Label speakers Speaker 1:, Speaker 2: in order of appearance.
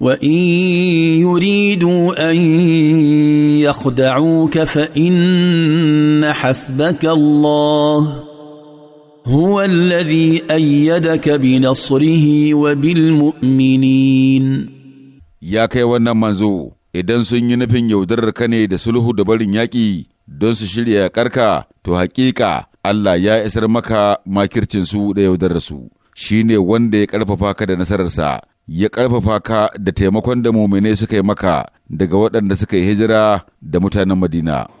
Speaker 1: وان يريدوا ان يخدعوك فان حسبك الله هو الذي ايدك بنصره وبالمؤمنين
Speaker 2: يا kai wannan manzo idan sun yi nufin yaudarar ka ne da sulhu da barin yaƙi don su shirya karka to haƙiƙa Allah ya isar maka makircinsu da yaudararsu shi ne wanda ya ƙarfafa ka da nasararsa ya ƙarfafa ka da taimakon da muminai suka yi maka daga waɗanda suka yi hijira da mutanen Madina.